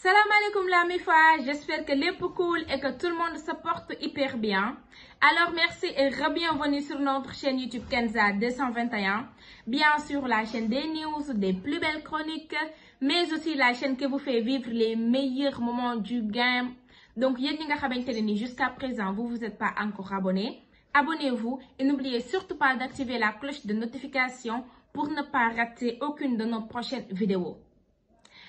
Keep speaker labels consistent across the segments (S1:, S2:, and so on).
S1: Salam alaikum la mifa, j'espère que les cool et que tout le monde se porte hyper bien. Alors merci et bienvenue sur notre chaîne YouTube Kenza 221. Bien sûr la chaîne des news, des plus belles chroniques, mais aussi la chaîne qui vous fait vivre les meilleurs moments du game. Donc jusqu'à présent vous vous êtes pas encore abonné. Abonnez-vous et n'oubliez surtout pas d'activer la cloche de notification pour ne pas rater aucune de nos prochaines vidéos.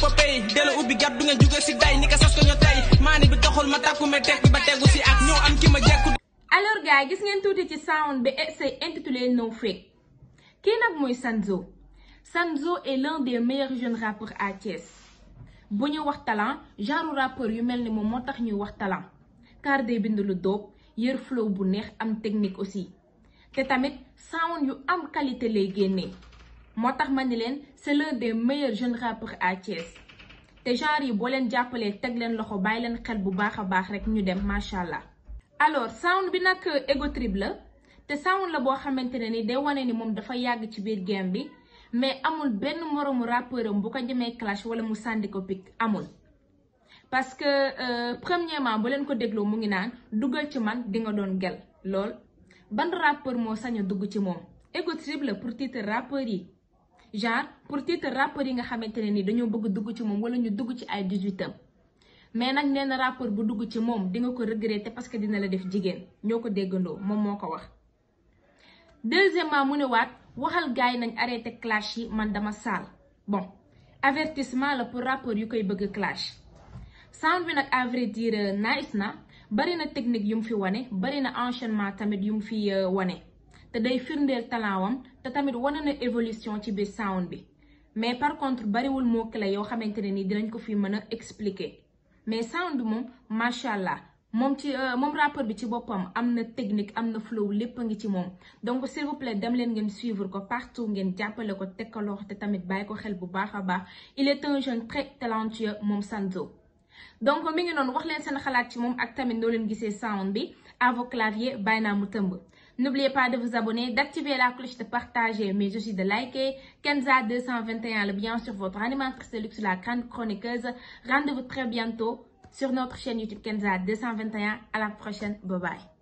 S1: popey delloo ubbi gàddu ngeen jugee si day ni ko sas ko ñoo tey maani bi taxul ma tàkku me teg bi ba tegu si ak ñoo am ki ma jekku alors gars yi gis ngeen tuuti ci sound bi c'est intitulé No Fake kii nag mooy Sanzo Sanzo est l'un des meilleurs jeunes rappeurs à bu ñu wax talent genre rappeur yu mel ni moom moo tax ñuy wax talent car day bind lu dóob yër flow bu neex am technique aussi te tamit sound yu am qualité lay génnee moo tax ma ni leen c'est l'un des meilleurs jeunes rappeurs à Thiès te genre yi boo leen jàppalee teg leen loxo bàyyi leen xel bu baax a baax rek ñu dem macha allah. alors sound bi nag Ego Trip la te sound la boo xamante ne ni day wane ni moom dafa yàgg ci biir game bi mais amul benn moroomu rappeur am bu ko jëmee clash wala mu sànni ko pic amul. parce que euh, premièrement bu leen ko dégloo mu ngi naan duggal ci man di nga doon gel lool ban rappeur moo sañ a dugg ci moom Ego Trip pour titre rappeur yi. genre pour titre rappeur yi nga xamante ne nii dañoo bëgg dugg ci moom wala ñu dugg ci ay 18 mais nag nee na rappeur bu dugg ci moom di nga ko regretter parce que dina la def jigéen ñoo ko déggandoo moom moo ko wax. deuxièmement mu ne waat waxal gars yi nañ arrêté clash yi man dama saal bon avertissement la pour rappeur yu koy bëgg clash sound bi nag à vrai dire nice na bari na technique yu mu fi wane bari na enchaînement tamit yu mu fi euh, wane. te day firndeel talaawam te tamit wane na évolution ci biir sound bi mais par contre bariwul moo clé yoo xamante ne ni dinañ ko fi mën a expliquer mais sound bi moom macha allah moom ci euh, moom rappeur bi ci boppam am na technique am na flow lépp a ngi ci moom donc s'il vous plaît dem leen ngeen suivre ko partout ngeen jàppale ko teg ko te tamit bàyyi ko xel bu baax a baax il est un jeune très talentueux moom Sanzo. donc je ngi vous wax leen seen ci à ak de sound bi à vos claviers n'oubliez pas de vous abonner d'activer la cloche de partager mais aussi de liker Kenza 221 le bien sur votre animatrice luxe la grande chroniqueuse rendez-vous très bientôt sur notre chaîne YouTube Kenza 221 à la prochaine bye bye